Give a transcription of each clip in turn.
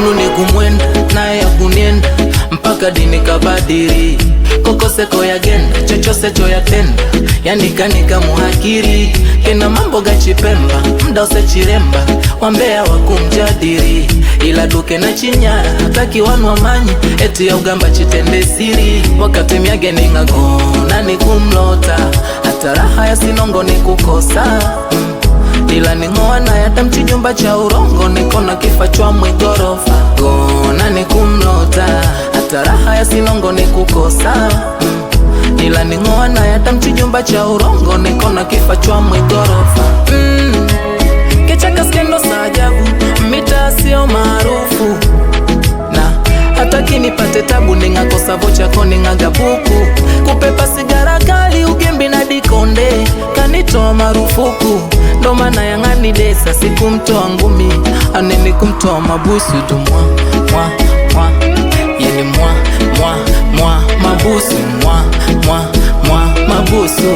munu ni kumwenda naye yakunienda mpaka dini kabadiri kokoseko yagenda chochose choyatenda yanikanika muhakiri kena mambo gachipemba mda usechiremba wambea wakumjadiri ila duke na chinyara hataki wanwa manye eti ya ugamba chitende siri wakati ni ng'agona ni kumlota hata raha ya sinongo ni kukosa ila ning'oana yatamchi jumba cha urongo, nikona kifa chwa mwigorofa gona ni kumlota hata raha ya sinongo ni kukosa mm. ila ning'oana yatamchi jumba cha urongo, nikona kifa chwa mwigorofa mm. kichaka skendo sajabu mita sio maarufu na hata kinipate tabu ningakosa vochako ning'agabuku kupepa sigara kali ugembi na dikonde kanitoa marufuku ananidesa, sikumtoa ngumi, anene kumtoa mabusu du mwa mwa mwa, yani mwa mwa mwa mabusu mwa mwa mwa mabusu,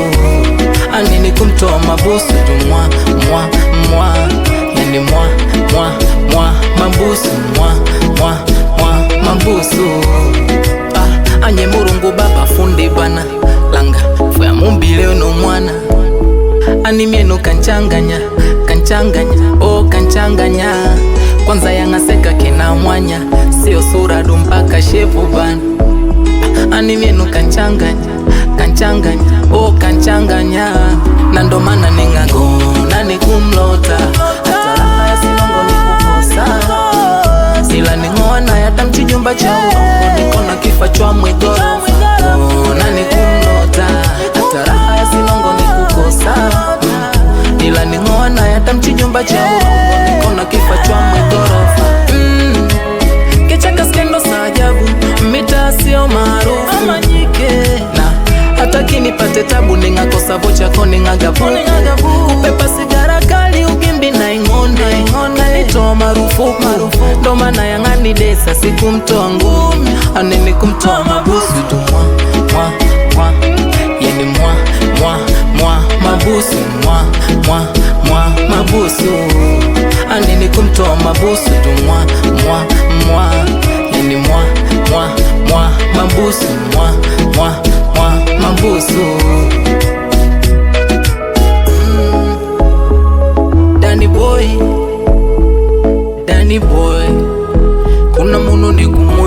anene kumtoa mabusu du mwa mwa mwa, yani mwa mwa mwa mabusu mwa mwa mwa mabusu ah, anye murungu baba fundi bana langa fya mumbile no mwana kanchanganya kanchanganya, oh kanchanganya, kwanza yangaseka kina mwanya, sio sura dumpaka shepu bana, ani vyenu kanchanganya, kanchanganya, oh kanchanganya, na ndo maana na mchijumba cha uongo, niko kifa cha mwetorofa mm. Kichaka skendo sa ajabu, mita sio maarufu manyike na hata kinipate tabu, ningakosa vocha ko ningagavu kupepa sigara kali ugimbi na ing'onde kanitoa marufuku, ndo maana yang'ani desa sikumtoa ngumi anini kumtoa mabusu tu mwa mwa mwa yeni mwa mwa mwa mabusu mwa mwa mwa mabusu anini kumtoa mabusu tu mwa mwa mwa yani mwa mwa mwa mabusu mwa mwa mwa mabusu mm. Danny boy Danny boy kuna munu kumwa